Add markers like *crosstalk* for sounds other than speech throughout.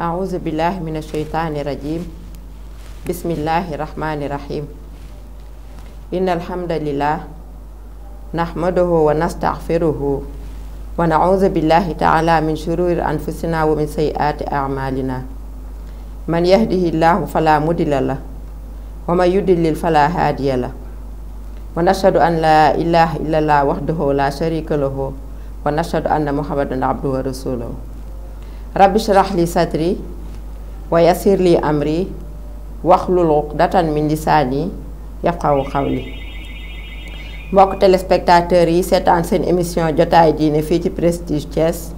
أعوذ بالله من الشيطان الرجيم بسم الله الرحمن الرحيم إن الحمد لله نحمده ونستغفره ونعوذ بالله تعالى من شرور أنفسنا ومن سيئات أعمالنا من يهده الله فلا مضل له ومن يضلل فلا هادي له ونشهد أن لا إله إلا الله وحده لا شريك له ونشهد أن محمدا عبده ورسوله rabbi shrah li sadri wa yassir li amri waxlul uqdatan min lisaani yafqahu qawli mbokk téléspectateurs yi seetaan seen émission jotaay diine fii ci Prestige Thiès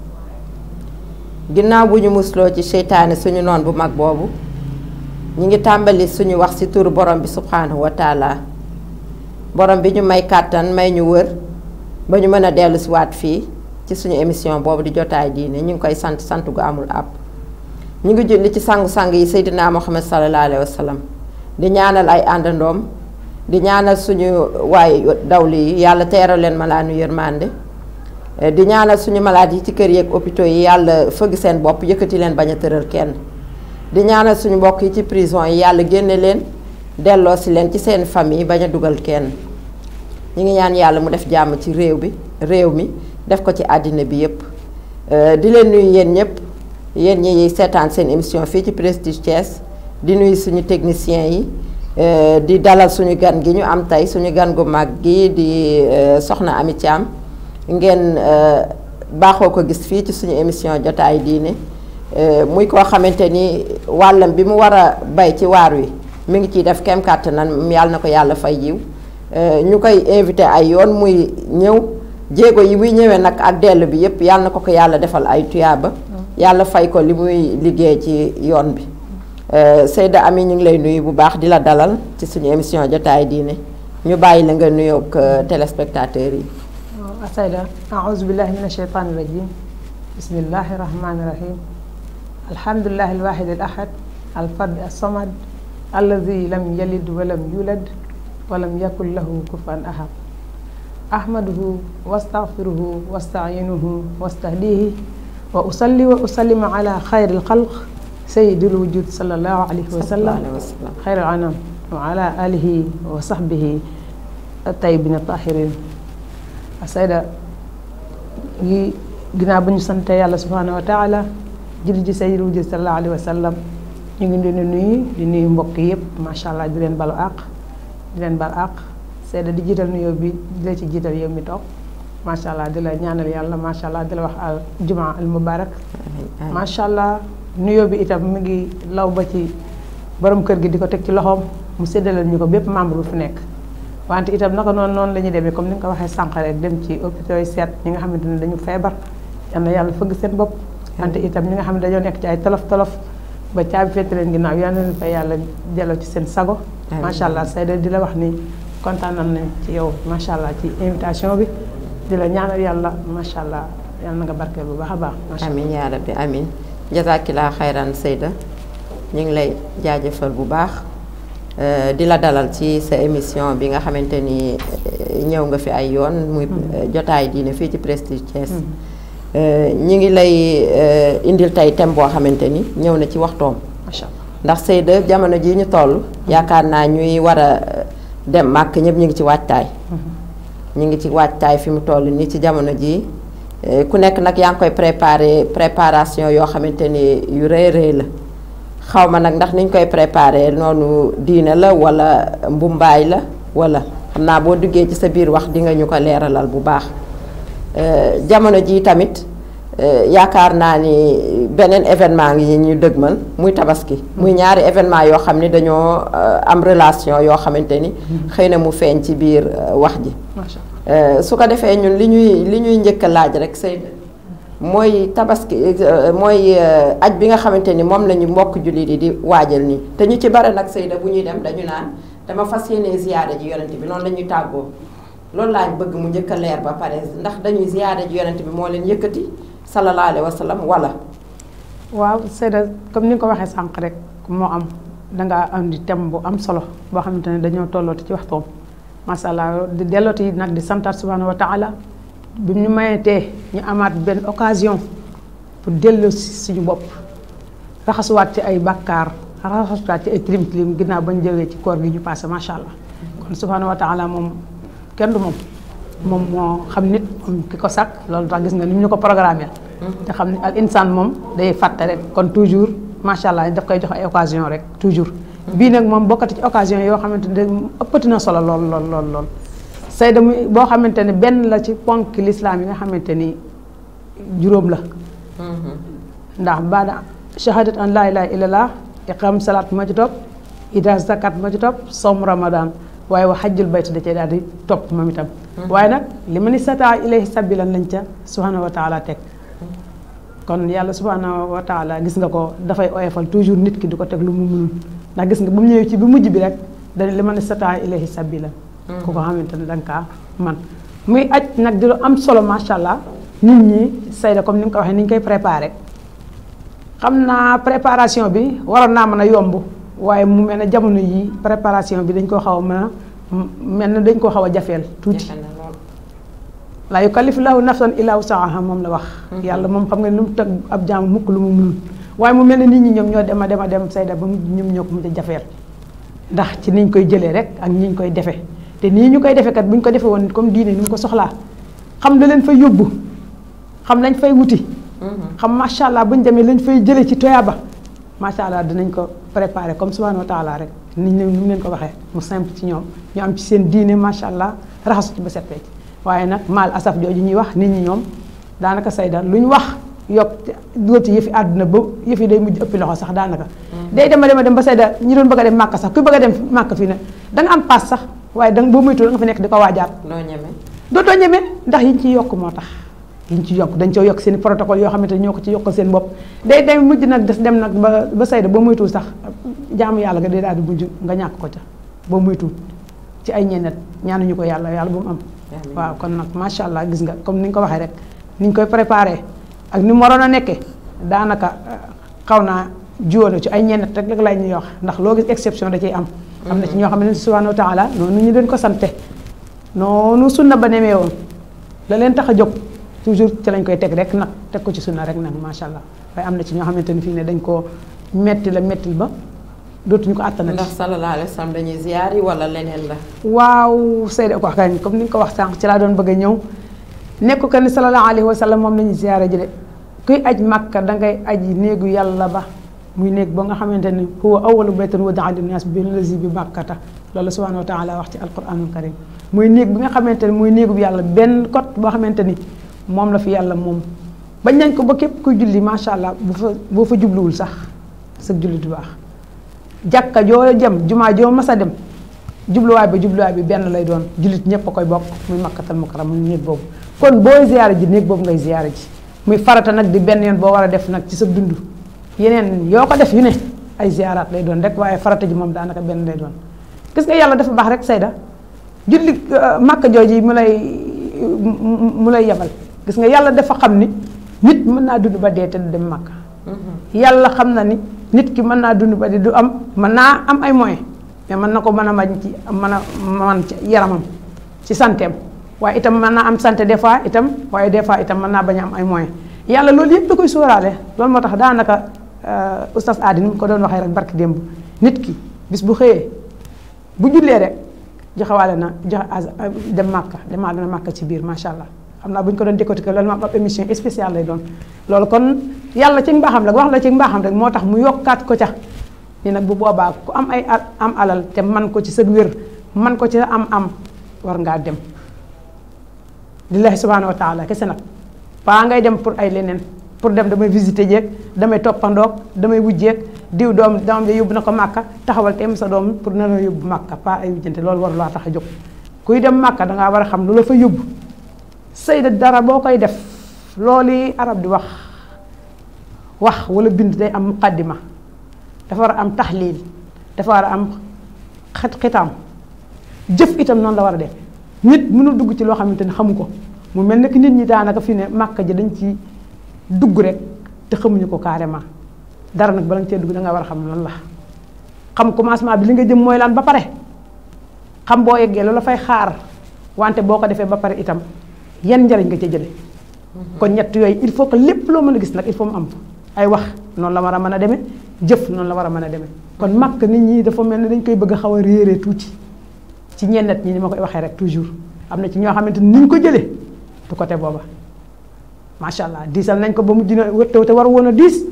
ginnaaw bu ñu musloo ci seytaane suñu noon bu mag boobu ñi ngi tàmbali suñu wax ci turu borom bi subhanahu wa borom bi ñu may kàttan may ñu wër ba ñu mën a dellusiwaat fii ci suñu émission boobu di jotaay diine ñu ngi koy sant sant gu amul àpp ñu ngi julli ci sangu-sang yi Seydina Muhammad sallallahu alayhi wa sallam di ñaanal ay àndandoom di ñaanal suñu waay yi yàlla teeral leen malaanu yërmande eh, di ñaanal suñu malade yi ci kër yeeg hôpitaux yi yàlla fëgg seen bopp yëkkati leen bañ a tëral kenn di ñaanal suñu mbokk yi ci prison yi yàlla génne leen delloo si leen ci seen famille bañ a dugal kenn ñu ngi ñaan yàlla mu def jàmm ci réew bi réew mi def ko ci àddina bi yëpp euh, di leen nuyu yéen ñëpp yéen ñi seetaan seen émission fii ci Prestige Thiès di nuyu suñu techniciens yi euh, di dalal suñu gan gi ñu am tey suñu gan gu mag gi di euh, soxna Amy Thiam ngeen baaxoo ko gis fii ci suñu émission jotaay diine muy koo xamante ni wàllam bi mu war a bay ci waar wi mu ngi ciy def kem na yàlla na ko yàlla fay yiw ñu koy invité ay yoon muy ñëw jéego yi wi ñewé nak ak dellu bi yépp yàlla nako ko yàlla defal ay tiyaba yàlla fay ko limuy liggé ci yoon bi euh sayda Ami ñu ngi lay nuyu bu baax dila dalal ci suñu émission jotaay diine ñu bàyyi la nga nuyu ak téléspectateurs yi waaw Seyda aouzu billahi minash asheytaani rajim bismillahi rahmaani rahim alhamdulillahi alwahid alahad ahad alfard alsamad alladi lam yalid walam yulad walam yakun lahu kufan ahad أحمده واستغفره واستعينه واستهديه وأصلي وأسلم على خير الخلق سيد الوجود صلى الله عليه وسلم خير العنام وعلى آله وصحبه الطيبين الطاهرين السيدة yi ginnaaw ba ñu sante yàlla subhaanahu wa taala jël ci say ruuj sallallahu alayhi wa sallam ñu ngi leen di nuyu di nuyu mbokk yëpp macha allah di leen balu àq di leen balu àq seda di jiital nuyo bi di la ci jiital yow mi toog macha allah di la ñaanal yàlla macha allah di la wax al juma al mubarak macha allah bi itam mi ngi law ba ci borom kër gi diko tek ci loxom mu séddalal ñu ko bépp membre fu nek wante itam naka non non lañu démé comme ni nga waxé waxee rek dem ci hôpital set ñi nga xamante dañu fébar yalla yalla fëgg seen bop wante itam ñi nga xam dañu nek ci ay talaf talaf ba ci fett leen ginnaaw yal na fa yalla jël ci seen sago macha allah sayda di la wax ni kontaan nañ ci yow macha allah ci invitation bi di la ñaanal yàlla macha allah yàlla na nga barkeel bu baax a baax. amiin yaa rabbi amiin la xayraan Seyda ñu ngi lay jaajëfal bu baax euh, di la dalal ci sa émission bi nga xamante ni euh, ñëw nga fi ay yoon. muy mm. euh, jotaay diine fii ci Prestige Thiès. Mm. ñu ngi lay indil tey thème boo xamante ni ñëw na ci waxtoom. macha ndax Seyda jamono ji ñu toll. Mm. yaakaar naa ñuy war dem màkk ñëpp ñu ngi ci waajtaay ñu ngi ci waajtaay fi mu toll nii ci jamono jii eh, ku nekk nag yaa ngi koy préparé préparation yoo xamante ni yu rëy rëy la xaw ma nag ndax niñ koy préparé noonu diine la wala mbumbaay la wala xam naa boo diggee ci sa biir wax di nga ñu ko leeralal bu baax eh, jamono jii tamit Eh, yaakaar naa ni beneen événement ngi ñu dëgmal muy tabaski muy ñaari événement yoo xam ni dañoo euh, am relation yoo xamante ni xëy na mu feeñ ci biir euh, wax ji eh, su ko defee ñun li ñuy li ñuy njëkk a laaj rek say mooy tabaski euh, mooy aj bi nga xamante ni moom lañu mbokk jullit yi di waajal nii te ñu ci bare nag Seyda bu ñuy dem dañu naan dama fas yéene ziyaare ji yonent bi noonu lañuy ñuy tàggoo loolu laa bëgg mu njëkk leer ba pare ndax dañuy ziyaare ji yonent bi moo leen yëkkati sallallahu alayhi wa sallam wala. waaw Seyda comme ni nga ko waxee sànq rek moo am dangaa andi tem bu am solo boo xamante ne dañoo tollooti ci waxtoom macha allah di dellooti nag di santaat subhaanahu wa taala bi ñu tee ñu amaat benn occasion pour delloo si suñu bopp raxasuwaat ci ay bakkaar raxasuwaat ci ay tilim tilim ginnaaw bañ jógee ci koor gi ñu passé macha allah kon subhaanahu wa taala moom kenn du moom. moom moo xam nit ki ko sàkk loolu tax gis nga ni mu ñu ko programme programmeel te xam ne al insaan moom day fàtte rek kon toujours macha allah daf koy jox ay occasion rek toujours bii nag moom bokkati ci occasion yoo xamante ni ëppati na solo lool lool lool lool sayda boo xamante ne benn la ci ponk lislaam yi nga xamante ni juróom la ndax baada shahadat an laa ilaaha illallah iqam salaat moo ci topp ida zakat moo ci topp sawm waaye wax xajjul bayt da cee daal di topp moom itam. Hmm. waaye nag li ma ni sataa ilayhi sabilan lañ ca subhanahu wa taala teg. kon yàlla subhanahu wa taala gis nga ko dafay oyofal toujours nit ki di ko teg lu mu mënul ndax gis nga ba mu ñëwee ci bi mujj bi rek dañ li ma ni sataa ilayhi sabilan. Hmm. ku ko xamante ne da kaa man muy aj nag di lu am solo macha allah nit ñi sayda comme ni nga ko waxee ni ñu koy préparé xam naa préparation bi waroon naa mën a yomb. waaye mu mel ne jamono yi préparation bi dañ koo xaw a mën mel ne dañ koo xaw a jafeel tuuti laa yukallifu llaahu nafsan illaa wusaaha moom la wax mhm. yàlla moom xam nga ne lu mu teg ab jaam mukk lu mu mënul waaye mu mel ne nit ñi ñoom ñoo dem a dem a dem ba mu ñoom ñoo ko mën a jafeel ndax ci niñ koy jëlee rek ak niñ koy defe te nii ñu koy defe kat bu ñu ko defe woon comme diine ni ñu ko soxlaa xam la leen fay yóbbu xam lañ fay wuti mhm. xam macha allah bu ñu demee lañ fay jëlee ci toyaaba macha allah dinañ ko préparé comme subhanahu wa taala rek ni ñu leen leen ko waxee mu simple ci ñoom ñu am seen diine macha allah raxasu ci ba set wecc waaye nag maal asaf jooju ñuy wax nit ñi ñoom daanaka saydan lu ñu wax yokk dugal yëfi àdduna ba yëfi day mujj ëppi loxo sax daanaka. Mm-hmm. day dema dema dem ba saydan ñi doon bëgg a dem màkk sax ku bëgg a dem màkk fii nag da nga am paas sax waaye da boo boo moytuwul nga fi nekk di ko waajaat. doo ñeme dootoo ñeme ndax yiñ ci yokk moo tax. dañ ci yokk dañ coo yokk seen protocole yoo xamante ñoo ko ci yokkal seen bopp day day mujj nag des dem nag ba ba boo ba muytul sax jaam yàlla nga day daal di mujj nga ñàkk ko ca ba muytul ci ay ñenet ñu ko yàlla yàlla bu mu am waaw kon nag macha allah gis nga comme ni nga ko waxee rek ni ñu koy préparé ak ni mu waroon a nekkee daanaka eh, xaw naa jiwoon ci ay ñenet rek rek lay ñuy wax ndax loo exception da ciy am xam na ci ñoo xam ne subhanahu wa taala noonu ñu doon ko sante noonu sunna ba nemee woon la leen tax a jóg toujours ci lañ koy teg rek nag teg ko ci sunna rek nag macha allah waaye am na ci ñoo xamante ni fii ne dañ koo metti la mettil ba dootuñu ko àttanati. ndax sallallahu alayhi wasallam dañuy ziyaar yi wala leneen la. waaw Seydou ko wax comme ni nga ko wax sànq ci laa doon bëgg a ñëw nekk ko ni sallallahu alayhi wasallam moom lañuy ziyaara ji de kuy aj Makka dangay aji néegu yàlla ba. muy néeg ba nga xamante ni huwa awwalu baytin wudi'a linnaas billazi bi Bakkata loolu subhaanahu wa taala wax ci alquraanul karim muy néeg bi nga xamante ni muy néegu yàlla benn kot boo ni. moom la fi yàlla moom bañ nañ ko ba képp kuy julli macha allah bu fa boo fa jubluwul sax sa julli du baax jàkka joo jëm jumaa joo mas dem jubluwaay ba jubluwaay bi benn lay doon jullit ñëpp a koy bokk muy makkatal mukarram muy néeg boobu kon booy ziyaara ji néeg boobu ngay ziyaara ji muy farata nag di benn yoon boo war a def nag ci sa dund yeneen yoo ko def yu ne ay ziyaaraat lay doon rek waaye farata ji moom daanaka benn lay doon gis nga yàlla dafa rek sayda julli euh, màkka jooji mu lay mu lay gis nga yàlla dafa xam ni nit mën naa dund ba dee te du dem Makka mhm. yàlla xam na ni nit ki mën naa dund ba dee du am mën naa am ay moyens mais mën na ko mën a mañ ci mën a man ci yaramam ci santeem waaye itam mën naa am santé des fois itam waaye des fois itam mën naa bañ a am ay moyens yàlla loolu yëpp da koy sooraale loolu moo tax daanaka euh, oustaz aadi ni mu ko doon waxee rek barki démb nit ki bis bu xëyee bu jullee rek joxewaale na joxe dem màkka demaale na màkka ci biir macha allah. amna buñ ko doon décortiquer loolu ma ab émission spéciale lay doon loolu kon yalla ci mbaxam la wax la ci mbaxam rek motax mu yokkaat ko ca ni nak bu boba ku am ay am alal te man ko ci seug wér man ko ci am am war nga dem lillahi subhanahu wa taala kese nak pa ngay dem pour ay lenen pour dem damay visiter jek damay toppandoog damay wujjeeg diw dom dom ja yub nako makka taxawal teem sa dom pour na la makka màkka paa ay wujjante loolu war la taxajuk kuy dem makka da nga war xam lu la fa yub sëy dara boo koy def arab di wax wax wala bind day am muqaddima dafa war am tahlil dafa war am xet xitaam jëf itam noonu la war a def nit mënul dugg ci loo xamante ne xamu ko mu mel ne nit ñi daanaka fi ne màkk ji dañ ci dugg rek te xamuñu ko carrément dara nag bala nga cee dugg da nga war a xam lan la xam commencement bi li nga jëm mooy ba pare xam boo yeggee fay xaar wante boo ko defee ba pare itam yan njariñ nga ca jële kon ñett yooyu il faut que lépp loo mën a gis nag il faut mu am a wax noonu la war a mën a demee jëf noonu la war a mën a demee kon màkk nit ñi dafa mel ne dañ koy bëgg a xaw a réeree tuuti ci ñennet ñi ni ma koy waxee rek toujours am na ci ñoo xamante ni ñu ko jëlee du côté booba macha allah diisal nañ ko ba mu dina te war woon a diis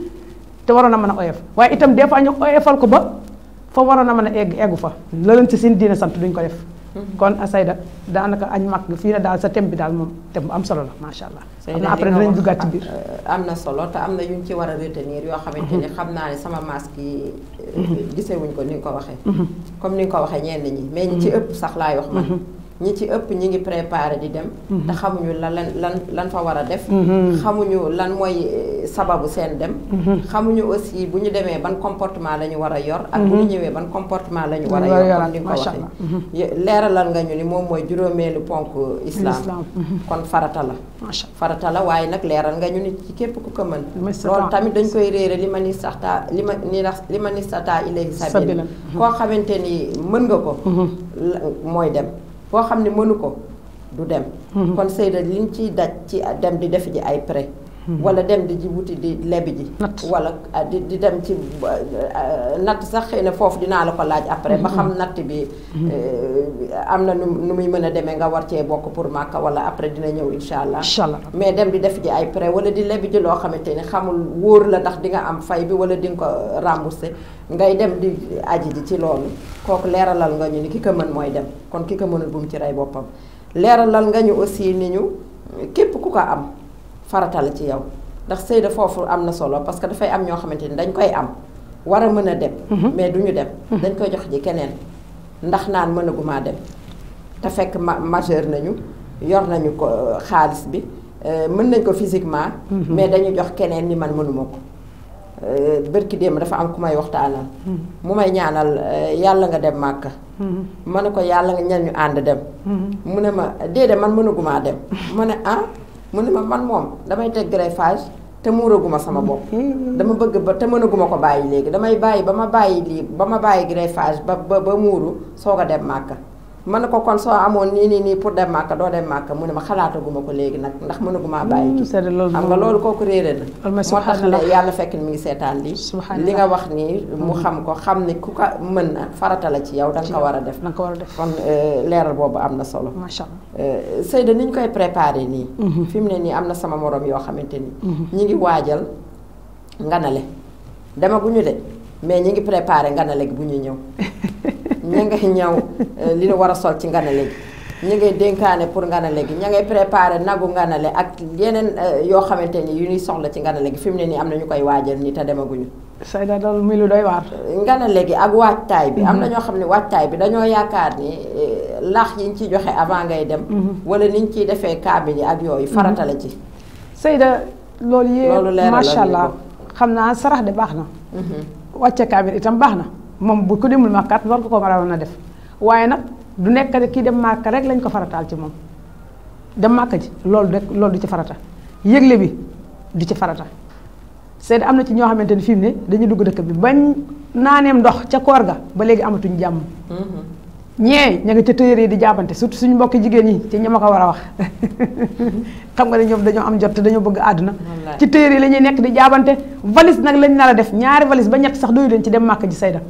te waroon a mën a oyof waaye itam des fois ñu oyofal ko ba foo waroon a mën a egg eggu fa la leen ci seen diine sant duñ ko def kon Sayda daanaka añ mag fii ne daal sa thème bi daal moom thème bu am solo la macha allah. am na après dinañ duggaat ci biir. Ah, am na solo te am na yu ñu ci war a retenir yoo xamante ni mhm. xam naa ne sama masque yi. Mhm. gisewuñ ko ni nga ko waxee. Mhm. comme ni nga ko waxee ñenn ñi mais ñi ci ëpp sax laay wax man. ñi ci ëpp ñi ngi préparé di dem. Mhm. te xamuñu la lan lan fa war a def. Mhm. xamuñu lan mooy eh, sababu seen dem. Mhm. xamuñu aussi bu ñu demee ban comportement la ñu war a yor. ak bu ñu ñëwee ban comportement la ñu war a yor. comme ni nga ko leeralal nga ñu ni moom mooy juróomeelu ponk islam. kon farata la. farata la waaye nag leeral nga ñu ni ci képp ku ko mën. loolu tamit dañ koy réere li ma ni saxtaa li ma ni li ma ni saxtaa ilayhi sabila koo xamante ni mën nga ko. mooy dem. boo xam ne mënu ko du dem mm-hmm. kon Seyda liñ ciy daj ci dem di def ji ay prêt wala dem di ji wuti di lebi ji wala ah, di dem ci ah, natt sax xëy na foofu dinaa la ko laaj après ba xam mm-hmm. natt bi mm-hmm. eh, am na nu nu muy mën a demee nga war cee bokk pour màkka wala après dina ñëw insha allah mais dem di def ji ay prêt wala di lebi ji loo xamante ni xamul wóor la ndax dinga am fay bi wala di nga ko remboursé ngay dem di aji ji ci loolu kooku leeralal nga ñu ni ki ko mën mooy dem kon ki ko mënul bu mu ci rey boppam leeralal nga ñu aussi ni ñu képp ku ko am farata la ci yow ndax sëy foofu am na solo parce que dafay am ñoo xamante ni dañ koy am war a mën a dem. Mhm. mais du ñu dem. Mhm. dañ koy jox ji keneen ndax naan mën a gumaa dem te fekk ma majeur nañu yor nañu ko euh, xaalis bi euh, mën nañ ko physiquement. Mhm. mais dañu jox keneen ni man mënuma ko. Euh, bërki démb dafa am ku may waxtaanal. mu may ñaanal yàlla nga dem màkka. ma a ko yàlla nga ñan ñu ànd dem. mu ne ma déedéet man mënuguma dem. *laughs* ma ne ah. mu ne ma man moom damay teg greffage te muuraguma sama bopp. *laughs* dama bëgg ba te mënaguma ko bàyyi léegi damay bàyyi ba ma bàyyi lii ba ma bàyyi greffage ba ba ba muuru soog a dem màkka man ko kon so amone ni ni ni pour dem mak do dem mak mu ne ma guma ko legi nak ndax man mënaguma bàyyi lol am nga loolu kooku réere na moo tax ne yàlla fekk ni mi ngi setan li li nga wax ni mu xam ko xam ni ku ka man na farata la ci yow dang da nga ko war a def kon leral bobu amna solo ma sha allah Seyda ni ñu koy préparer ni fim ne ni amna sama morom yo xamanteni ni ngi wajal nganale demaguñu de mais ñi ngi préparé nganale gi bu ñu ñëw *laughs* ña ngay ñëw euh, li ñu war a sol ci nganale gi ñu ngay dénkaane pour nganale gi ña ngay préparé nagu ngana nganale ak yeneen euh, yoo xamante ni yu ñuy soxla ci nganale gi fi mu ne nii am na ñu koy waajal ni te demaguñu. Sayda loolu muy doy waar. nganale gi ak waajtaay bi. am na mhm. ñoo xam ne waajtaay bi dañoo yaakaar ni euh, laax yi ñu ciy joxe avant ngay dem. Mhm. wala ni ñu ciy defee kaamil yi ak yooyu mhm. farata la ci. Sayda loolu yëpp macha allah xam naa sarax de baax na. wàcce kaamil itam baax na moom bu ko demul màkkaat war ko ko waroon a def waaye nag du nekk ne kii dem màkka rek lañ ko farataal ci moom dem màkka ji loolu de loolu du ci farata yëgle bi du ci farata seet am na ci ñoo xamante ni fi mu ne dañuy dugg dëkk bi bañ naaneem ndox ca koor ga ba léegi amatuñ jàmm mm-hmm. ñee ña nga ca téere yi di jàppante surtout suñu mbokki jigéen yi ci ña ma ko war a wax *laughs* xam nga ne ñoom dañoo am jot dañoo bëgg àdduna ci téere yi la nekk di jaabante valise nag lañ nar a def ñaari valise ba ñett sax doyu leen ci dem màkk ji sayda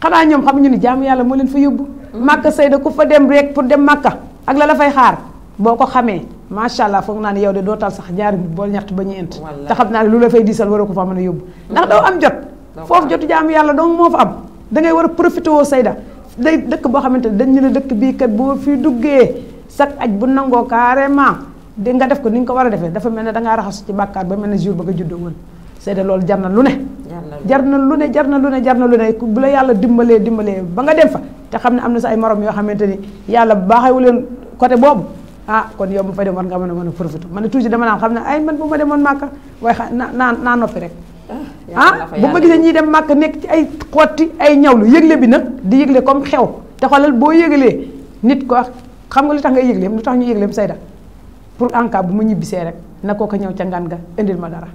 xamaa ñoom xam ñu ni jaamu yàlla moo leen fa yóbbu mm-hmm. màkk sayda ku fa dem rek pour dem màkka ak la la fay xaar boo ko xamee macha allah foog naa ne yow de doo tal sax ñaari boo ñett ba ñu ent te xam naa ne lu a ko fa a yóbbu ndax mm-hmm. doo am jot foofu jotu jaamu yàlla dong moo am da ngay war a profité woo sayda day dëkk boo xamante ne dañ ñu la dëkk bii kat boo fi duggee sag aj bu nangoo carrément di nga def ko ni nga ko war a defee dafa mel ne dangaa raxasu ci bàkkaar ba mel ne jour ba nga juddoo woon c'est de loolu na lu ne jar na lu ne jar na lu ne jar na lu ne bu la yàlla dimbalee dimbalee ba nga dem fa te xam ne am na sa ay morom yoo xamante ni yàlla baaxewu leen côté boobu ah kon yow mu fay dem war nga mën a mën a profité man ne toujours dama xam ne ay man bu ma demoon màkka waaye xa naa naa noppi rek ah bu ma gisee ñuy dem màkk nekk ci ay xotti ay ñawlu yëgle bi nag di yëgle comme xew te xoolal boo yëgalee nit ko xam nga lu tax nga yëgleem lu tax ñu yëgleem sayda pour en cas bu ma ñibbisee rek na koo ko ñëw ca ngan ga indil ma dara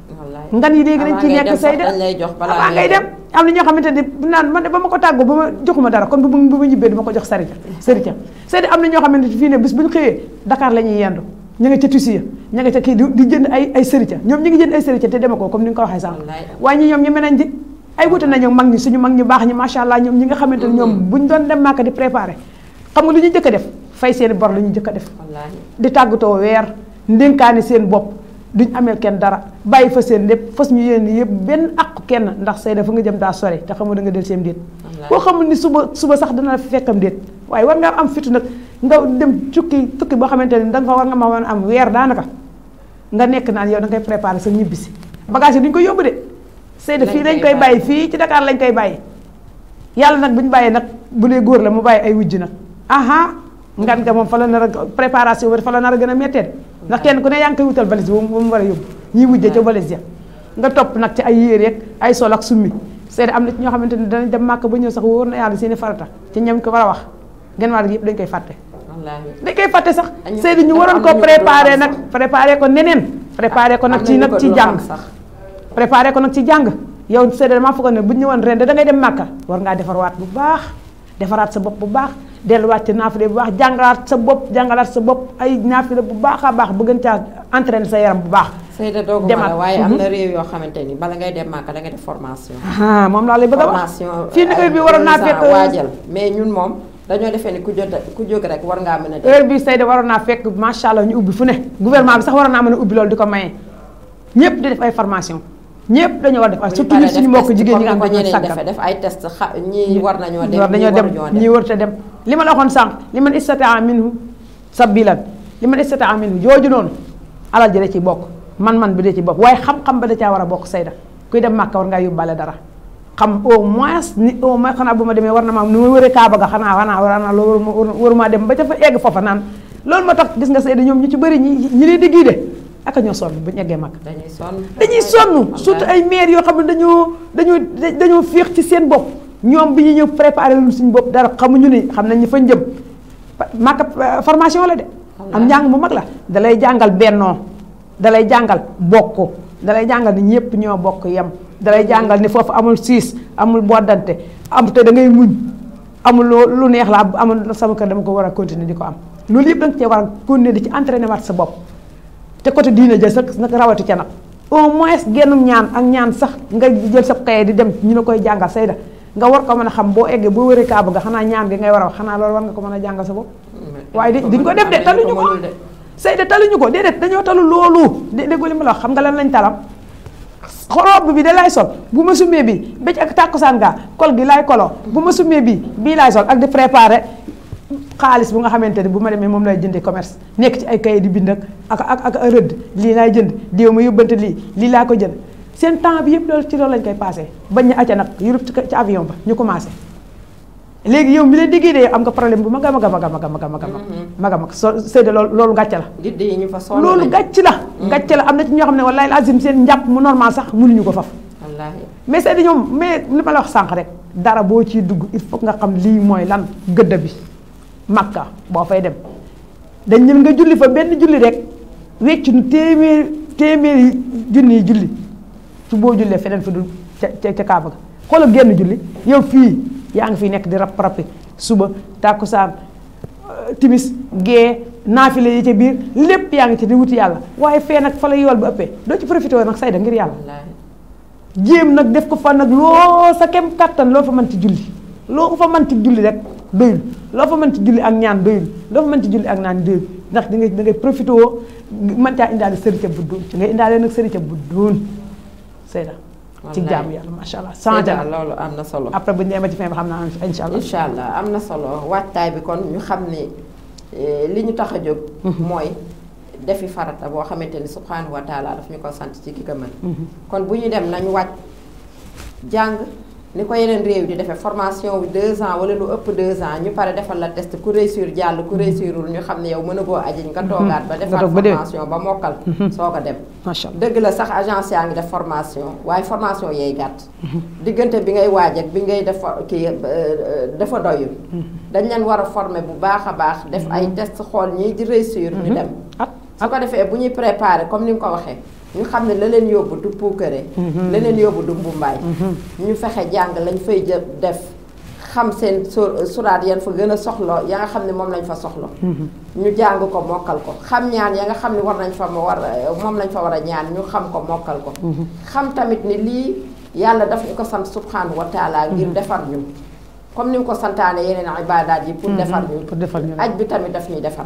ngan yi léegi dañ ci nekk sayda avant ngay dem am na ñoo xamante ne bu naan man de ba ma ko tàggoo ba ma joxuma dara kon bu ma ñibbee du ko jox sarica sarica sayda am na ñoo xamante ne fii ne bis bu ñu xëyee Dakar la ñuy yendu ña nga ca tusiya ña nga ca kii di jënd ay ay sërica ñoom ñi ngi jënd ay sërica te dema ko comme ni nga ko waxee sànq waaye ñi ne ñoom mm. buñ doon dem xam nga lu ñu jëkk a fay seen bor lu ñu jëkk a def di tàggatoo weer ndénkaani seen bopp duñ ameel kenn dara bàyyi fa seen lépp fas ñu yéen yëpp benn aqu kenn ndax say dafa nga jëm daa sore te xamul da nga del seen déet boo xamul ni suba suba sax dana la fekkam déet waaye war nga am fitu nag nga dem tukki tukki bo xamanteni ni da nga fa war nga ma won am weer danaka nga nek na yow da ngay préparer sa ñibbisi bagage yi duñ ko yóbbu de seede fi lañ koy bay fi ci Dakar lañ koy bay yalla nak buñ baye nak bu lay goor la mu bàyyi ay wujj nak aha ngan nga mom fa la nar préparation préparation fa la nar gëna metté a ndax kenn ku ne yaa wutal valise bu mu wara yob ñi wujje ci balise ya nga top nak ci ay yére ak ay sol ak summi seede am na ci ño xamanteni dañ dem makka ba ñew sax woor na yalla seen farata ci ñam ko wara wax genn wàll yëpp dañ koy fàtte li kay faté sax Seydou ñu waron ko préparer nak préparer ko nenen préparer ko nak ci nak ci jang préparer ko nak ci jang yow Seydou dama fa ko ne bu ñu ñëwoon ren da ngay dem makka war nga défar waat bu baax défarat sa bop bu baax del waat ci naafile bu baax jangalat sa bop jangalat sa bop ay naafile bu baaxa baax bu gën ta entraîner sa yaram bu baax Seyda dogu ma la way amna mhm. réew yo xamanteni bala ngay dem makka da ngay def formation ha mom la lay bëgg a wax fii ni koy bi euh, waron na fekk euh, waajal mais ñun mom dañoo defee ni ku jot ku jóg rek war ngaa mën a. heure Seyda waroon naa fekk macha allah ñu ubbi fu ne gouvernement bi sax waroon naa mën a ubbi loolu di ko maye ñëpp di def ay formation ñëpp dañoo war def ay surtout ñun suñu mbokk jigéen ñi def ay test xa ñii war nañoo dem war nañoo dem ñii a dem li ma la waxoon sànq li man istataa minhu sabilan li man istataa jooju noonu alal ji da ciy bokk man-man bi da ci bokk waaye xam-xam ba da caa war a bokk Seyda kuy dem Màkka war ngaa yóbbaale dara xam au moins ni au moins xana buma demé warna ma ni wéré ka kaaba ga xana xana war na loolu waruma dem ba ca fa egg fofa nan lool ma tax gis nga seede ñom ñu ci bëri ñi ñi lay di dé ak ñoo son bu ñeggee mak dañuy son dañuy son surtout ay maire yo xamne dañu dañu dañu fiix ci seen bop ñom bi ñu ñëw préparé lu suñ bop dara ñu ni xamna ñi fa ñëm mak formation la de am jang mu mak la dalay jangal benno dalay jangal bokku dalay jangal ni ñepp ñoo bokku yam dalay jangal ni fofu amul 6 amul bodante am te da ngay muñ amul lu neex la amul sama kër dama ko wara continuer diko am lolou yeb dang ci wara continuer di ci entraîner wat sa bop te côté diina jël sax nak rawati ci nak au moins gennum ñaan ak ñaan sax nga jël sa xey di dem ñu nakoy jangal sayda nga war ko mëna xam bo eggé bo wéré kaaba nga xana ñaan gi ngay wara xana lool war nga ko mëna jangal sa bop waye diñ ko def de taluñu ko sayda taluñu ko dedet dañu talu lolu de degul mi la xam nga lan lañ talam robe bi da laay sol bu ma sumee bi ba ci ak tàkkusaan gaa kol gi laay kolo bu ma summee bi bii laay sol ak di préparer xaalis bu nga xamante ne bu ma demee moom lay jëndee commerce nekk ci ay kayit di bind ak ak ak rëdd lii laay jënd diw ma yóbbante lii lii laa ko jënd seen temps bi yëpp loolu ci loolu lañ koy passé bañ ñu acca nag yurub ci avion ba ñu commencé légui yow mi la diggé dé am nga problème bu maga a maga a maga a maga a mag a de mag a la dit dé ñu fa gàcce la gatcha la gatcha la amna ci ñoo xamné wallahi lazim seen mu normal sax ñu ko faf mais seede ñom mais li ma la wax sank rek dara bo ci dugg il faut nga xam li moy lan gëdd bi makka bo fay dem dañ ñëm nga julli fa benn julli rek wéccu nu témer téeméeri julli ci bo julle fenen fa du ci ci kaba ga xoolal genn julli yow fi yang ngi fi nekk di rap rappi suba tàkkusaan timis ge naafile yi ca biir lépp yaa ngi ci di wuti yàlla waaye fee nag fa la yool ba ëppee doo ci profité nag say da ngir yàlla jéem nag def ko fa nag loo sa kem katan loo fa mën ti julli loo fa mën ti julli rek doyul loo fa mën ti julli ak ñaan doyul loo fa mën ti julli ak naan doyul ndax di nga da ngay profité woo mën caa indaale sëri ca bu doon ci ngay indaale nag sëri ca bu say ci jaamu yàlla macha allah. sans loolu am na solo. après bu ñu demee ci fin bi xam naa incha allah. am na solo waajtaay bi kon ñu xam ne eh, li ñu tax a jóg. Mhm. mooy defi farata boo xamante ni subhanahu wa taala daf ñu ko sant ci ki ko mhm. kon bu ñu dem nañu wàcc jàng. ni ko yeneen réew di defee formation bi 2 ans wala lu ëpp 2 ans ñu pare defal la test ku réussir jàll ku mhm. réussirul ñu xam ne yow mën a goo nga mhm. toogaat ba defal formation ba mokkal mhm. soo ko dem macha allah dëgg la sax agence yaa ngi def formation waaye formation yay gàtt diggante bi ngay waaj ak bi ngay def kii euh, euh, dafa doyul dañ leen war a former bu baax a baax def ay test xool ñi di réussir ñu dem su ko defee bu ñuy préparer comme ni nga ko waxee ñu xam ne la leen yóbbu du puukare mhm. la leen yóbbu du mbumbaay mhm. ñu fexe jàng lañ fay jë def xam seen suraat yan fa gën a soxla ya nga xam ne moom lañ fa soxla mhm. ñu jàng ko mokkal ko xam ñaan ya nga xam ne war nañ fa war moom lañ fa war a ñaan ñu xam ko mokkal ko xam tamit ni lii yàlla dafa ñu ko sant subhanahu wa taala ngir defar ñu comme ni mu ko santaane yeneen ibaadaat yi pour defar ñu aj bi tamit daf ñuy defar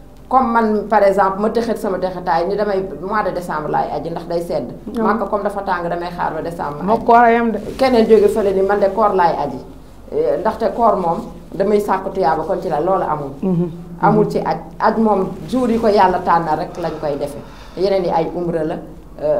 comme man par exemple ma tëxat sama tëxataay ni damay mois de décembre lay aji ndax day sedd. mako comme dafa tàng damay xaar ba décembre. mo koor a de. kenen jóge fële ni man de koor lay aji ndax te koor mom damay sàkku tuyaaba kon ci la lolu amul. amul ci aj aj mom jour yi ko yàlla tànnal rek lañ koy defé yeneen yi ay umra la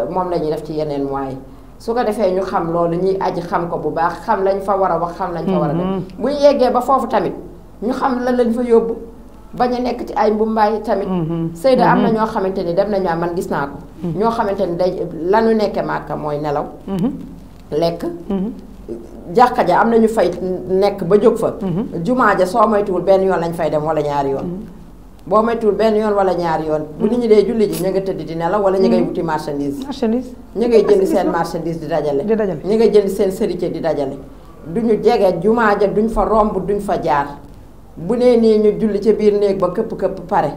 mom lañ ñuy def ci yeneen mois su ko defé ñu xam lolu ñi aji xam ko bu baax xam lañ fa wara wax. xam lañ fa wara def bu yeggé ba fofu tamit ñu xam lan lañ fa yóbbu. bañ a nekk ci ay mbumbaay tamit. Mm-hmm. Seyda am na mm-hmm. ñoo xamante ni dem nañu am ah, man gis naa ko. Mm-hmm. ñoo xamante ni day lanu nekkee màkka mooy nelaw. lekk. jàkka ja am na ñu fay nekk ba jóg fa. jumaa ja soo moytuwul benn yoon lañ fay dem wala ñaari yoon. boo moytuwul benn yoon wala ñaari yoon. bu nit ñi dee julli ji ñu nga tëdd di nelaw wala ñu ngay wuti marchandise. marchandise ñu ngay jënd seen marchandise di dajale. di dajale ñu ngay jënd seen sërite di dajale. duñu jege jumaa ja duñ fa romb duñ fa jaar. bu nee nii ñu julli ca biir néeg ba këpp këpp pare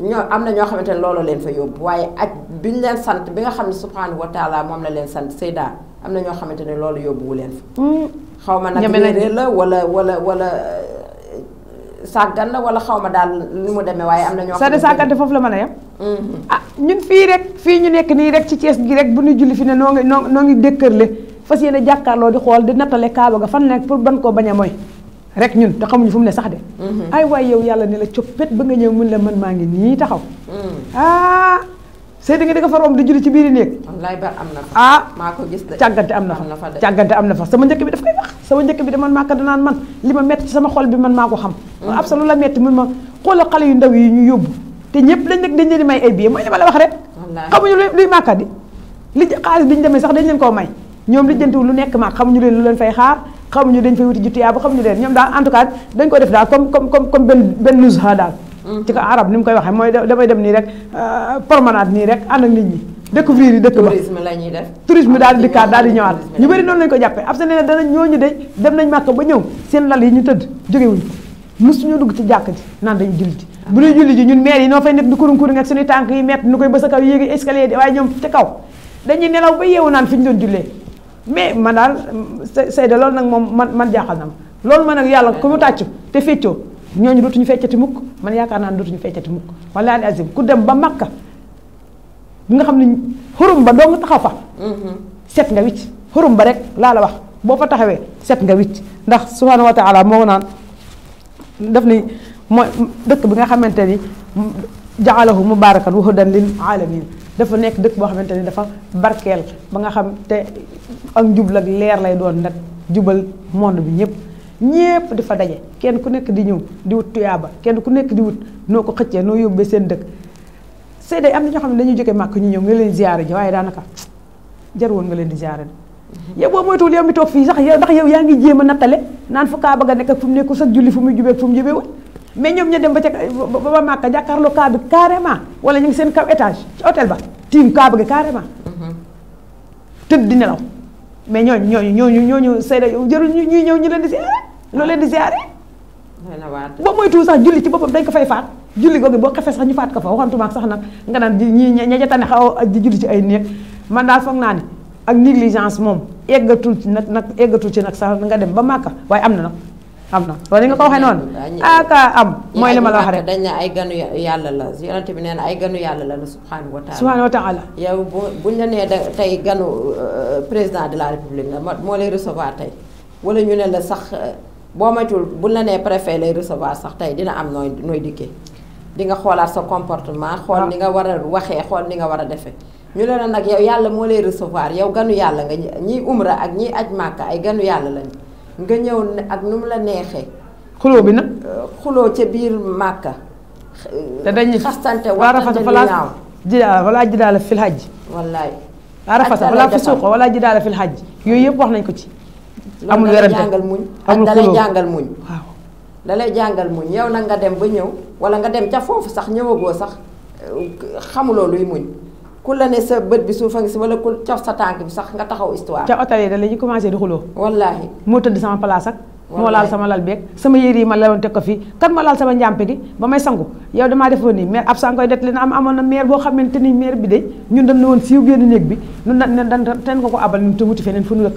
ñoo am na ñoo xamante ne loolu leen fa yóbbu waaye ak bi ñu leen sant bi nga xam ne subhanahu wa taala moom la leen sant Seyda am na ñoo xamante ne loolu yóbbuwu leen fa. Mm. xaw ma nag réer la wala wala wala euh, sàggan la wala xaw ma daal mu demee waaye am na ñoo. xamante ne foofu la mën a yem. Mm-hmm. ah ñun fii rek fii ñu nekk nii rek ci Cees gi rek bu ñu julli fi ne noo ngi noo noo ngi dëkkërle fas yéene jàkkaarloo di xool di nattale Kaaba ga fan nekk pour ban koo bañ a mooy. rek ñun te xamuñu fu mu ne sax de. Mm-hmm. ay waay yow yàlla ne la coppet ba nga ñëw mun la man maa ngi nii taxaw. Mm. ah Seydou nga di ko fa romb di julli ci biir néeg. wallaay ba am na fa. ah gis de càggante am na fa càggante am na fa sama njëkk bi daf koy wax. sama njëkk bi de man maa ko danaan man li ma metti ci sama xol bi man maa ko xam. Mm-hmm. ab sa lu la metti mun ma xoolal xale yu ndaw yi ñu yóbbu te ñëpp dañ nag dañ leen di may ay billets mooy li ma la wax rek. xamuñu luy màkka di li xaalis bi ñu demee sax dañ leen koo may ñoom li jëntiwul lu nekk maa xamuñu leen lu leen fay xaar xamuñu dañ fay wuti ji tuyaaba xamuñu leen ñoom daal en dañ ko def daal comme comme comme comme benn benn nuzha daal mm-hmm. ci ko arab ni mu koy waxee mooy damay dem nii rek euh, promenade nii rek ànd ak nit ñi ah, ñu bëri noonu lañ ko jàppee ab dem nañ màkk ba ñëw seen lal yi ñu tëdd jógewuñ mosuñoo dugg ci jàkk ji naan dañuy julli ji ah. bu ñuy julli ji ñun maire yi noo fay nekk di kurung kurung ak suñuy tànk yi mett nu koy bës a yéegi escalier di waaye ñoom ca kaw dañuy nelaw ba yeewu naan fi ñu doon jullee mais man daal Seyda loolu nag moom man man jaaxal na ma loolu man nag yàlla ku mu tàcc te feccoo ñooñu dootuñu feccati mukk man yaakaar naa ne dootuñu feccati mukk wallaahi azim ku dem ba Makka bi nga xam ne xurum ba doo taxaw fa. Mm-hmm. set nga wicc xurum ba rek laa la wax boo fa taxawee set nga wicc ndax subhaanahu watee taala moo naan def ni mooy dëkk bi nga xamante ni ja'alahu mubaarakan wa hudan lil aalamiin dafa nekk dëkk boo xamante ne dafa barkeel ba nga xam te ak njubl ak leer lay doon nag jubal monde bi ñëpp ñépp di fa daje kenn ku nekk di ñëw di wut tuyaaba kenn ku nekk di wut noo ko xëccee noo yóbbee seen dëkk seede am na ñoo xam ne dañuy jóge màkk ñu ñëw nga leen ziyaare ji waaye daanaka jar woon nga leen di ziyaare mm-hmm. yow boo moytuwul yow mi toog fii sax yow ndax yow yaa ngi jéem nattale naan fu kaa bëgg a nekk fu mu nekkul sax julli fu muy jubee fu mu jubee mais ñoom ñu dem ba ca ba Màkka jàkkaarloo kaa bi carrément wala ñu ngi seen kaw étage ci hôtel ba tiim kaa bi carrément. Mhm. tëdd di nelaw mais ñooñu ñooñu ñooñu ñooñu Seyda jërul ñuy ñëw ñu leen di ziare loo leen di ziare. ba moytu sax julli ci boppam dañ ko fay faat julli googu boo xefee sax ñu faat ko fa waxantuma sax nag nga naan ñi ña ca ne xaw di julli ci ay néeg man daal foog naa ni ak négligence moom eggatul ci nag nag eggatul ci nag sax nga dem ba Màkka waaye am na nag. am na loolu nga ko waxee noonu aka am mooy li ma la wax dañ ne ay ganu yàlla la yonent bi nee na ay ganu yàlla la la subhanahu wa taala subhanahu wa taala yow buñ la nee tey ganu président de la république la moo lay recevoir tey wala ñu ne la sax boo matul buñ la nee préfet lay recevoir sax tey dina am nooy nooy dikkee di nga xoolaat sa comportement xool ni nga war a waxee xool ni nga war a defee ñu leen la nag yow yàlla moo lay recevoir yow ganu yàlla nga ñiy umra ak ñiy aj màkka ay ganu yàlla lañu nga ñëw ak nu mu la neexee. xuloo bi nag. xuloo ca biir màkka. te dañuy xastante waxante lu ñaaw jidaala wala jidaala fil hajj. wallaay. arafata wala fusuuq wala jidaala fil hajj yooyu yëpp wax nañ ko ci. amul werante jàngal muñ amul xuloo dalay jàngal muñ. waaw dalay jàngal muñ yow nag nga dem ba ñëw wala nga dem ca foofu sax ñëwagoo sax xamuloo luy muñ. ku la ne sa bët bi suuf a ngi si wala ku cof sa tànk sax nga taxaw histoire. ca commencé di xuloo. wallaahi moo tëdd sama place ak. moo laal sama lal beeg sama yére yi ma lawoon teg ko fii kan ma laal sama njàmpe gi ba may sangu yow damaa defoon nii maire absent koy det leen am amoon na maire boo xamante ni maire bi de ñun dem na woon siiw génn néeg bi ñun dañ dañ dañ ko ko abal ñun te wuti feneen fu nu lëkk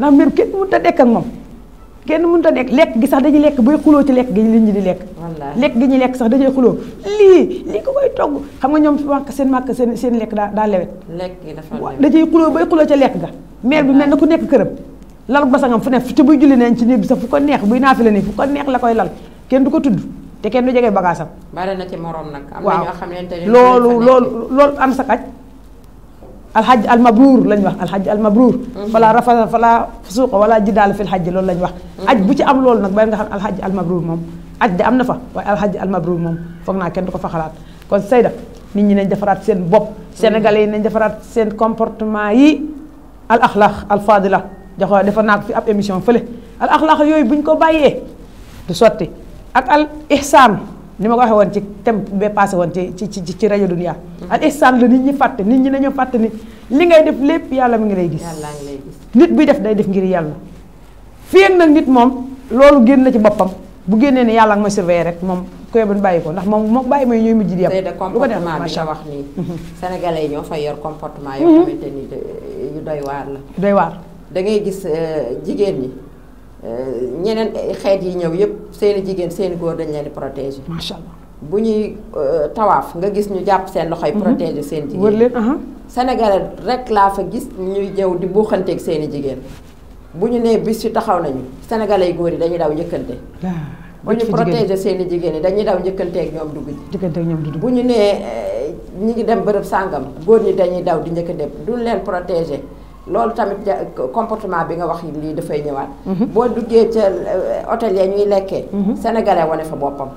ndax maire kenn mënut a dekk ak moom kenn mun ta nekk lekk gi sax dañuy lekk bay xuloo ci lekk gi li ñu di lekk lekk gi ñuy lekk sax dañuy xuloo lii lii ko koy togg xam nga ñoom màkk seen màkk seen seen lekk daa daa lewet dañuy xuloo bay xuloo ca lekk ga meer bi mel na ku nekk këram lal basangam fu ne te buy julli neen ci néeg bi sax fu ko neex buy naafi la nii fu ko neex la koy lal kenn du ko tudd te kenn du jege bagaasam bari na ci morom nag am na ñoo xam ne loolu loolu loolu am sa kaj alxaj almabruur lañ wax alxaj almabruur mhm. falaa rafasa falaa fusuuqa wala jidaala fil xaj loolu lañ wax mhm. aj bu ci am loolu nag bay nga xam alxaj almabruur moom aj de am na fa waaye alxaj almabruur moom foog naa kenn du ko fa xalaat kon Seyda nit ñi nañ defaraat seen bopp mhm. sénégalais yi nañ defaraat seen comportement yi al axlaq al fadila joxo defa naa fi ab émission fële al axlaq yooyu buñ ko bàyyee du sotti ak al ihsaan ni ma ko waxee woon ci thème ba passé woon ci ci ci ci rajo Dunia. al ihsaan la nit ñi fàtte nit ñi dañoo fàtte ni li ngay def lépp yàlla mi ngi lay gis. nit buy def day def ngir yàlla. fii ak nag nit moom loolu génn na ci boppam bu génnee ne yàlla nga ma surveiller rek moom ku yebbu bàyyi ko ndax moom moom bàyyi mooy ñooy mujj di yem. lu ko def macha allah comportement bi nga wax nii. Mhm. sénégalais yi ñoo fay yor comportement yoo mhm. xamante ni doy waar la. doy waar da ngay gis euh, jigéen ñi. Euh, ñeneen xeet yi ñëw yëpp seeni jigéen seeni góor dañ leen di protéger. macha allah bu ñuy euh, tawaaf nga gis ñu jàpp seen loxo loxoy mhm. protéger seen jigéen. wër leen Sénégal rek laa gis ñuy ñëw di buuxanteeg seeni jigéen bu ñu nee bis yu taxaw nañu sénégalais góor yi dañuy daw njëkkante. bu ñu protéger seen i jigéen yi dañuy daw njëkkanteeg ñoom dugg ji. njëkkanteeg ñoom dugg bu ñu nee euh, ñu ngi dem bërëb sàngam góor ñi dañuy daw di njëkkante duñ leen protéger. lolu tamit comportement bi nga wax li da fay ñëwaat. bo duggé ci hôtel ya ñuy lekké sénégalais woné fa bopam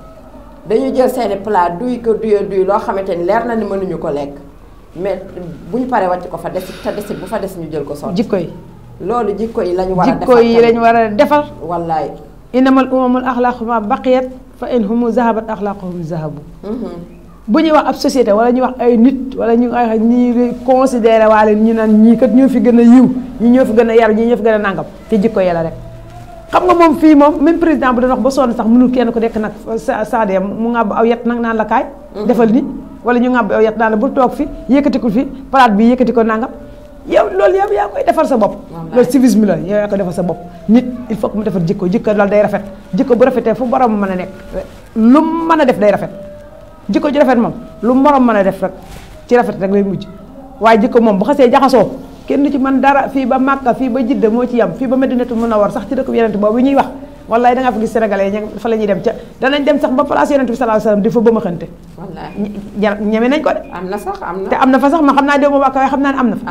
dañu jël seeni plat duuy ko duuy duuy lo xamanteni ni leer na ni mënuñu ko lek mais buñu paré wàcc ko fa desit ta desit bu fa des ñu jël ko sotti. jikko yi loolu jikko yi lañu wara defal defar jikko yi lañu wara defal wallahi innamal umamul akhlaqu ma baqiyat fa in zahabat akhlaquhum zahabu bu ñuy wax ab société wala ñuy wax ay nit wala ñu ay ñi considéré waale ñu naan ñii kat ñoo fi gën a yiw ñi ñoo fi gën yar ñi ñoo fi gën a nangam te jikko yàlla rek xam nga moom fii moom même président bu doon wax ba sonn sax mënul kenn ku nekk nag saadee mu ngàbb aw yet nag naan la kaay mhm. defal ni wala ñu ngàbb aw yet naan la bu toog fi yëkkati ko fi palaat bi yëkkati ko nangam yow loolu yow yaa koy defal sa bopp loolu civisme la yow koy defal sa nit il faut que mu defar jikko jikko loolu day rafet jikko bu rafetee fu borom lu def day rafet jikko ji rafet mom lu morom meuna def rek ci rafet rek lay mujj way jikko mom bu xasse jaxaso kenn ci man dara fi ba makka fi ba jidde mo ci yam fi ba muna war sax ci dëkk yeneen boobu ñuy wax wallahi da nga fi gis sénégalais ñi fa lañuy ñuy dem ca danañ dem sax ba place yonent sallallahu alayhi wasallam di fa bëma xante wallahi ñame nañ ko de amna sax amna te amna fa sax ma xamna naa déw ma wàkk waaye fa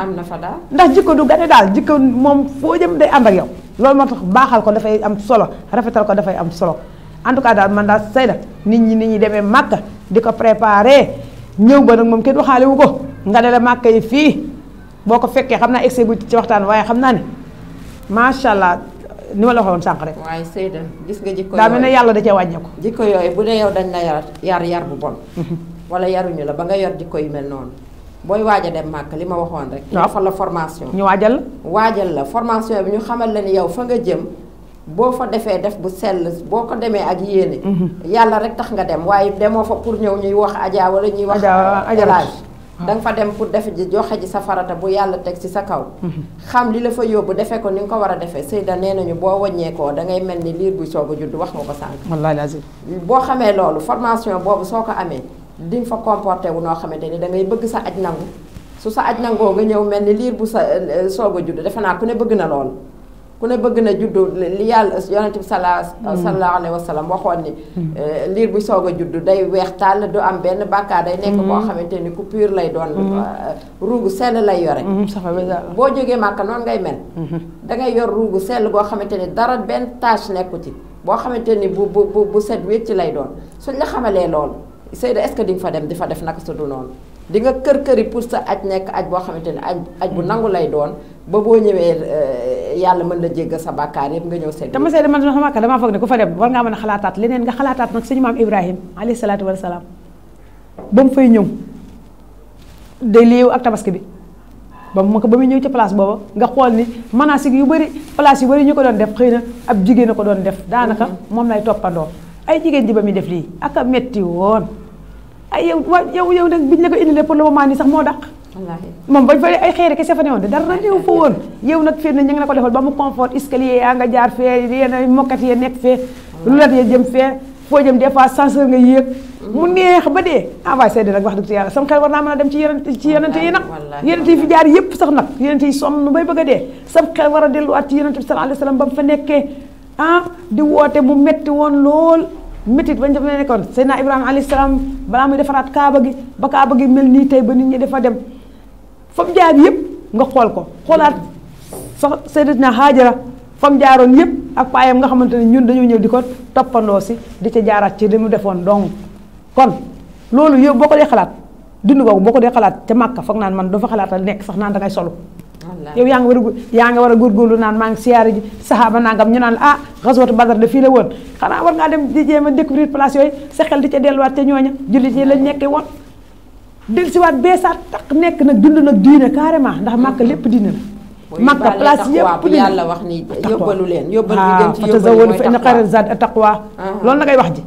amna fa da ndax jikko du gane dal jikko mom fo jëm day and ak yow loolu moo tax baaxal ko fay am solo rafetal ko da fay am solo en tout cas daal man daal Seyda nit ñi nit ñi demee màkk di ko préparé ñëw ba nag moom kenn waxaale wu ko nga ne màkk yi fii boo ko fekkee xam naa excès gu ci waxtaan waaye xam naa ne macha allah ni ma la waxoon rek. waaye Seyda gis nga jikko yooyu mel ne yàlla da cee wàññeeku. jikko yooyu bu dee yow dañ la yar yar yar bu bon. Mhm. wala yaruñu la ba nga yor jikko yu mel noonu. booy waaj a dem màkk li ma waxoon rek. ñu defal la formation. ñu waajal la waajal la formation bi ñu xamal la ni yow fa nga jëm. boo fa defee def bu sell boo ko demee ak yéene. Mhm. yàlla rek tax nga dem waaye demoo fa pour ñëw ñuy wax Adja wala ñuy wax. Adja da nga fa dem pour def ji joxe ji sa farata bu yàlla teg ci sa kaw. Mhm. xam li la fa yóbbu defee ko ni nga ko war a defee Seyda nee nañu boo wàññeekoo da ngay mel ni liir buy soog a judd wax nga ko sànq. wallaahi lazim boo xamee loolu formation boobu soo ko amee di fa comporté wu noo xamante ni da ngay bëgg sa aj nangu su sa aj nangoo nga ñëw mel ni liir bu sa euh, soog a judd defe naa ku ne bëgg na loolu. ku ne bëgg na juddu li yàlla yonent bi mm. sallallahu alayhi wa sallam waxoon ni mm. eh, liir bu soog a juddu day weex tàll du am benn bàkkaar day nekk koo mm. xamante ni ku pur lay doon ruugu sell lay yore boo jógee màkka noonu ngay mel mm-hmm. dangay yor ruugu sell goo xamante ni dara benn tâche nekku ci boo xamante ni bu bu bu set wécc ci lay doon suñ la xamalee loolu Seyda est-ce que di nga fa dem di fa def nag su du noonu di nga kër këri pour sa aj nekk aj boo xamante ni aj aj bu nangu lay doon ba boo ñëwee euh, yàlla mën la jégg sa bàkkaar yëpp nga ñëw seen. dama seede man sama màkka damaa foog ne ku fa dem war ngaa mën a xalaataat leneen nga xalaataat wa salaam ba mu fay ñëw day léew ak tabaski bi ba mu ko ba muy ñëw ci place booba nga xool ni manasik yu bëri place yu bëri ñu ko doon def xëy na ak jigéen a ko doon def. daanaka mm-hmm. moom lay toppandoo. ay jigéen ji ba muy def lii ak a metti woon ay yow wa yow yow nag biñ la ko indilee pour le moment nii sax moo daq moom bañ fa ay xeere kese fa woon de dara ñëw fa woon yow nag fii na ñu ba mu confort escalier yaa nga jaar fee yéen mokkat yee jëm fee foo jëm des fois senseur nga yéeg mu neex ba dee ah, envoyé seede nag wax dëgg yàlla sama xel war naa mën a dem ci yeneen ci yenente yi nag yenente yi fi jaar yëpp sax nag yenente yi somm nu bay bëgg a dee sama xel war a delluwaat ci yenente bi sallallahu alayhi wasallam ba mu fa nekkee ah di woon lool métit bañ def ne nekkoon Seydina Ibrahima alayhi salaam muy defaraat kaaba gi ba kaaba gi mel nii tey ba nit ñi dafa dem fam jaar yëpp nga xool ko xoolaat sax Sayyidatina Haajara fam jaaroon yëpp ak paayam nga xamante ne ñun dañoo ñëw di ko toppandoo si di ca jaaraat ci li mu defoon donc kon loolu yow boo ko dee xalaat dund googu boo ko dee xalaat ca Màkka foog naan man dafa xalaatal nekk sax naan dangay solo yow yaa ngi war a yaa nga war a góorgóorlu naan maa ngi siyaare ji saxaaba nangam ñu naan ah xaswatu badar de fii la woon xanaa war ngaa dem di jéem a découvrir place yooyu sa xel di ca delluwaat ca ñooña jullit yi lañ nekkee woon del siwaat beesaat tax nekk nag dund nag diine carrément ndax màkk mm-hmm. lépp diine la makka place yëpp di yàlla wax ni yóbbalu leen yóbbal bi ah, gën ci yóbbal tazawwadu ah. loolu la ngay wax ji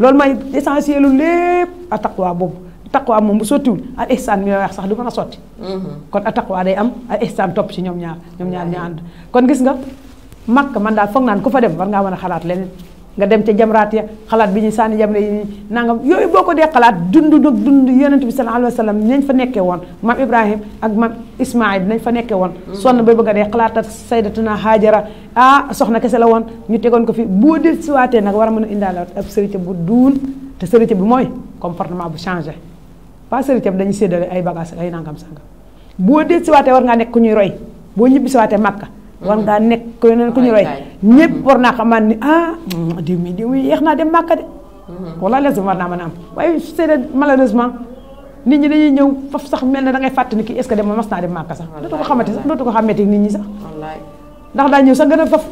loolu mooy essentiel lu lépp a taqwa boobu taqwa moom bu sottiwul al ihsaan mi wax sax du man a sotti mm-hmm. kon a taqwa day am a ihsaan topp ci ñoom ñaar ñoom ñaar ñu ànd kon gis nga makka man daal foog naan ko fa dem war ngaa mën a xalaat leneen nga dem ci jamrat ya xalat bi ñuy jamre yi nangam yoy boko de xalat dundu nak dundu dund bi sallallahu alaihi wasallam sallam fa nekkee won mam ibrahim ak mam ismail nañ fa nekkee won son bay bëgg a xalat ak sayyidatuna haajara ah soxna kese la won ñu tégon ko fi bo del siwaatee nag wara a mën ab bu duun te sërite bi moy comportement bu changer pa sërite bi dañu sédalé ay bagage ay nangam sangam boo del war nga nek ku ñuy roy bo ñibbi makka war ngaa nekk ku yeneen ku ñu roy ñëpp mm-hmm. war naa xamaat ni ah diw mi diw mi yéex naa dem màkka de mm-hmm. wala les war naa mën a am waaye c'est malheureusement nit ñi dañuy ñëw faf sax mel ne da ngay fàttali ki kii est ce que dem mas naa dem màkka sax dootu ko xamante sax dootu ko xamante nit ñi sax ndax daa ñëw sax gën a faf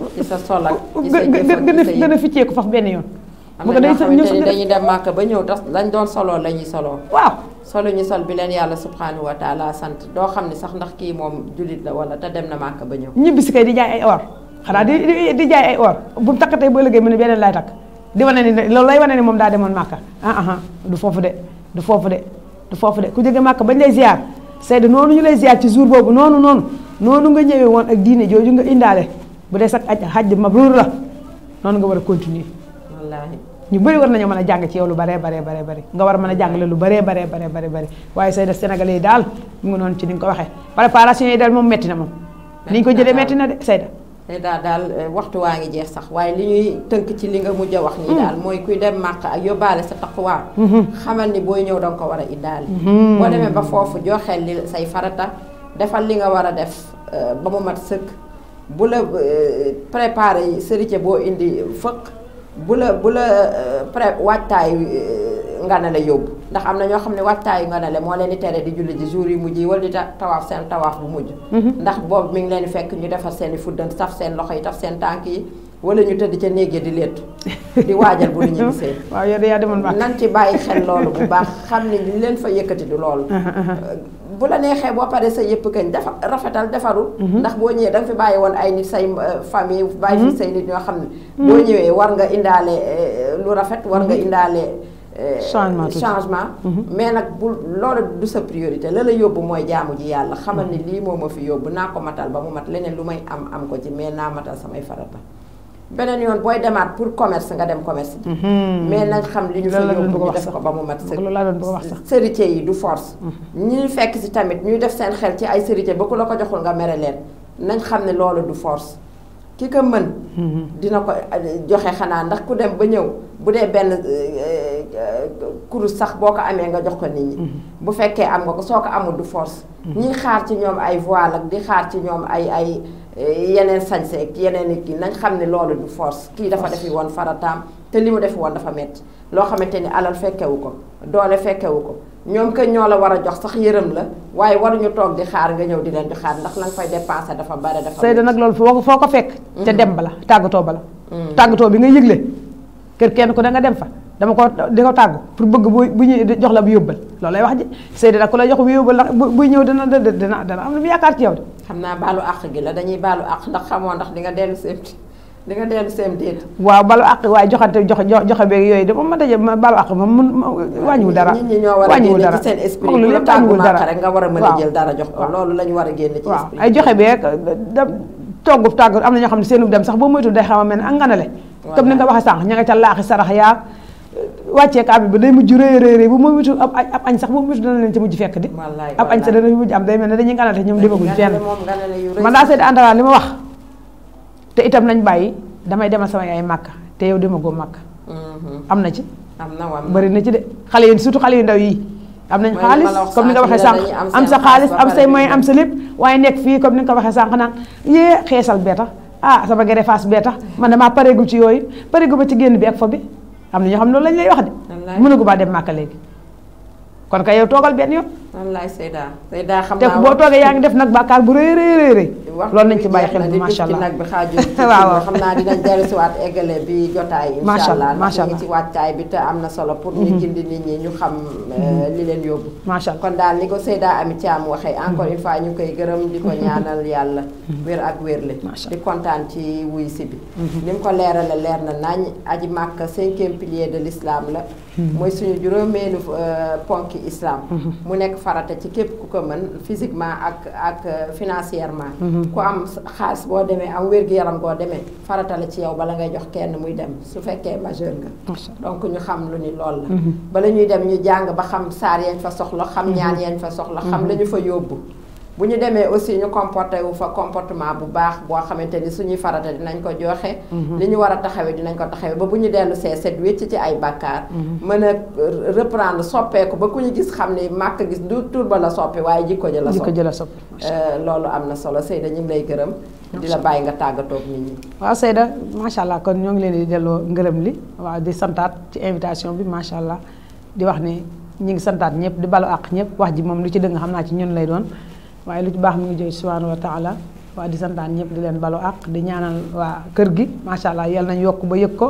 gën a ko faf benn yoon am na ñoo xamante dem màkka ba ñëw tax lañ doon solo la ñuy solo waaw solu ñu sol bi leen yàlla subhanahu wa taala sant doo xam ne sax ndax kii moom jullit la wala te dem na màkk ba ñëw. ñibbi si kay di jaay ay or xanaa di di jaay ay or bu mu takkatee ba liggéey mu ne beneen laay takk di wane ni loolu lay wane ni moom daa demoon màkk ah, ah ah du foofu de du foofu de du foofu de ku jóge màkk bañ lay ziar Seydou noonu ñu lay ziar ci jour boobu noonu noonu noonu nga ñëwee woon ak diine jooju nga indaale bu dee sax aj xaj mabrur la noonu nga war a continuer wallaahi ñu bëri war nañoo mën a jàng ci yow lu baree baree baree bëri a jàngale lu baree baree baree baree bëri waaye say def sénégalais yi daal mu ngi noonu ci ni nga ko waxee préparation yi daal moom metti na moom ni ñu ko jëlee metti na de Seyda Seyda eh, daal eh, waxtu waa ngi jeex sax waaye li ñuy tënk ci li nga mujj a wax nii mm. daal mooy kuy dem màq ak yóbbaale sa taqwa mm-hmm. xamal ni booy ñëw danga ko war a iddaale mm-hmm. boo demee ba foofu joxeel li say farata defal li nga war a def eh, ba mu mat sëkk bu la préparé yi sërite bu la bu la euh, pré waajtaayu euh, nga ne la yóbbu ndax am na ñoo xam ne waajtaayu nga ne la moo leen di tere di julli ji jour yi mujj yi wala di tawaaf seen tawaaf bu mujj. Mhm. ndax boobu mi ngi leen di fekk ñu defar seen i fuddan taf seen loxo yi taf seen tànk yi. wala ñu tëdd ca néeg ya di leetu di waajal bu ñu ñibbisee *laughs* waaw yow de yaa demoon baax nan ci bàyyi xel loolu bu baax xam ne ñu leen fa yëkkati du loolu *laughs* uh-huh, uh-huh. Euh, bu la neexee boo paree sa yëpp kañ dafa rafetal defarul mm-hmm. ndax boo ñëwee da nga fi bàyyi woon ay nit say euh, famille bàyyi fi mm-hmm. say nit ñoo xam ne mm-hmm. boo ñëwee war nga indaale euh, lu rafet war nga indaale changement changement mais nag bu loolu du sa priorité la la yóbbu mooy jaamu ji yàlla xamal ni lii moom ma fi yóbbu naa ko matal ba mu mat leneen lu may am am ko ci mais naa samay farata beneen yoon booy demaat pour commerce nga dem commerce bi. Mhm. mais na xam li ñu fa yóbbu ñu def ko ba mu mat. loolu laa doon bëgg a wax sax sërite yi du force. Mhm. ñu fekk si tamit ñuy def seen xel ci ay sërite ba ku la ko joxul nga mere leen na xam ne loolu du force. ki ko mën mm-hmm. dina ko eh, joxe xanaa ndax ku dem ba ñëw bu dee benn eh, eh, kurus sax boo ko amee nga jox ko nit ñi mm-hmm. bu fekkee am nga ko soo ko amul du force mm-hmm. ñiy xaar ci ñoom ay voile ak di xaar ci ñoom ay ay yeneen sañse yeneen i kii nañ xam ne loolu du force kii dafa defi woon farataam te li mu defi woon dafa metti loo xamante ni alal fekkewu ko doole fekkewu ko ñoom kay ñoo la war a jox sax yërëm la waaye waruñu toog di xaar nga ñëw di leen di ndax la nga fay dépensé dafa bare dafa. Seyda nag loolu foo ko foo ko fekk. ca dem ba la tàggatoo ba la. Mm. tàggatoo bi nga yëgle kër kenn ko da nga dem fa. dama ko di ko tàggu pour bëgg bu bu ñuy jox la bu yóbbal loolu lay wax ji Seyda nag ku jox bu yóbbal ndax buy ñëw dana dana dana am lu mu yaakaar ci yow de. xam naa baalu àq gi la dañuy baalu àq ndax xamoo ndax di nga dellu seeti di nga dellu seen déet. waaw balu àq waaye joxante joxe joxe yooyu de moom ma daje ma balu àq moom mun wàññiwul dara. a génne ci seen esprit lu lépp tànguwul dara rek nga war a mën dara jox loolu la ñu war a génne waaw ay joxe beeg da togg tàggu am na ñoo xam ne seenu dem sax boo moytuwul day xaw a mel ne ak nganale. comme ni nga wax sànq ña nga ca laaxi sarax yaag euh, wàccee kaab bi day mujj rëy rëy rëy bu ma wutu ab ab añ sax bu ma wutu dana leen ci mujj fekk di ab añ sax dana mujj am day mel ne dañuy nganale ñoom demaguñ fenn man daa seet àndawaa li ma wax te itam nañ bàyyi damay demal sama yaay màkka te yow demagoo màkka mhm. am na ci. am na waaw bëri na ci de xale yi surtout xale yu ndaw yi. am nañ xaalis comme ni nga waxee sànq am sa xaalis am say moyen am sa lépp waaye nekk fii comme ni nga ko waxee sànq naan xeesal bee tax ah sama gere faas bee tax man damaa pareegu ci yooyu pareegu ma ci génn bi ak fa bi am na ñoo xam ne lañ lay wax de. mënagu baa dem màkka léegi kon kay yow toogal benn yoon. wallaay Seyda Seyda xam naa te boo toogee yaa ngi def nag bàkkaar bu rëy rëy rëy loolu nañ ci bàyyi xel bi macha allah nag bi xaajul *laughs* waaw xam naa dinañ bi jotaay macha allah macha allah ci wàccaay bi te am na solo pour ñu gindi mhm. nit ñi ñu xam eh, mhm. li leen yóbbu macha allah kon daal ni ko Seyda Ami Thiam waxee mhm. encore une fois ñu ngi koy gërëm di ko ñaanal yàlla wér ak wér le di kontaan ci wuy si bi ni mu ko leerale leer na nañ aji màkk cinquième pilier de l'islam la mooy suñu juróomeelu euh, ponki islam mu nekk farata ci képp ku ko mën physiquement ak ak euh, financièrement. Mm-hmm. ku am xaalis boo demee am wér-gu-yaram boo demee farata la ci yow bala ngay jox kenn muy dem su fekkee majeur nga. donc ñu xam lu ni lool la. Mm-hmm. bala ñuy dem ñu jàng ba xam saar yañ fa soxla xam mm-hmm. ñaan yañ fa soxla. xam la fa yóbbu. buñu démé aussi ñu comporté wu fa comportement bu baax bo xamanteni suñu farata dinañ ko joxé mhm. liñu wara taxawé dinañ ko taxawé ba bu déllu sé sét set wécc ci ay bakkar mëna mhm. reprendre soppé ko ba kuñu gis xamné makka gis du tour ba la soppé waye jikko jël la jikko la euh, solo lay gërëm. di la bàyyi nga tàggatoog nit ñi. da ma sha allah kon ñong leen di delloo ngërëm li wa di santat ci invitation bi sha allah di wax ngi di balu ak ñep wax ji mom lu ci dëng xamna ci ñun lay doon waaye lu ci baax mu ngi jóge subhaanahu wa taala waa di santaan ñëpp di leen balu àq di ñaanal waa kër gi macha allah yal nañ yokk ba yëg ko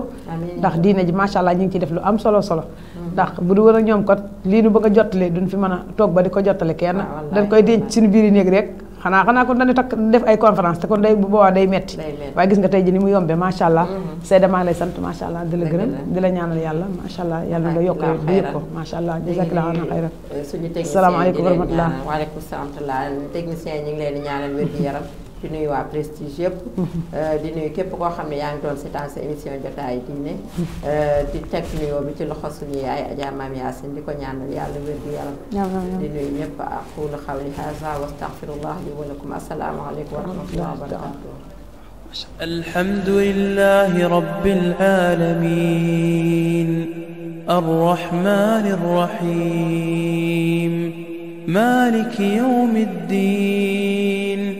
ndax diine ji macha allah ñu ngi ciy def lu am solo solo mm-hmm. ndax bu du war a ñoom kat lii nu bëgg a jottale duñ fi mën a toog ba di ko jottale kenn ah, dañ koy denc biir biiri néeg rek xanaa xanaa kon dañuy takk def ay conférence te kon day bu boobaa day metti waaye gis nga tey ji ni mu yombee macha allah mm-hmm. Seyda maa lay sant macha allah di la gërëm di la ñaanal yàlla macha allah yàlla na nga yokk di yëpp ko macha allah jazakallahu xayran suñu technicien salaamaaleykum wa rahmatullah waaleykum salaam technicien ñi leen ñaanal wér gi yaram di nuyu waa prestige yëpp. di nuyu képp koo xam ne yaa ngi doon seetaan sa émission jotaayu diine. di teg nuyoo bi ci loxo suñu yaay Adja Mame Yacine di ko ñaanal yàlla wér gu yaram. di nuyu ñëpp aqulu qawli haza wa astaghfirullah li wa lakum assalaamu wa rahmatullahi wa barakatuh. الحمد لله رب الرحمن الرحيم مالك يوم الدين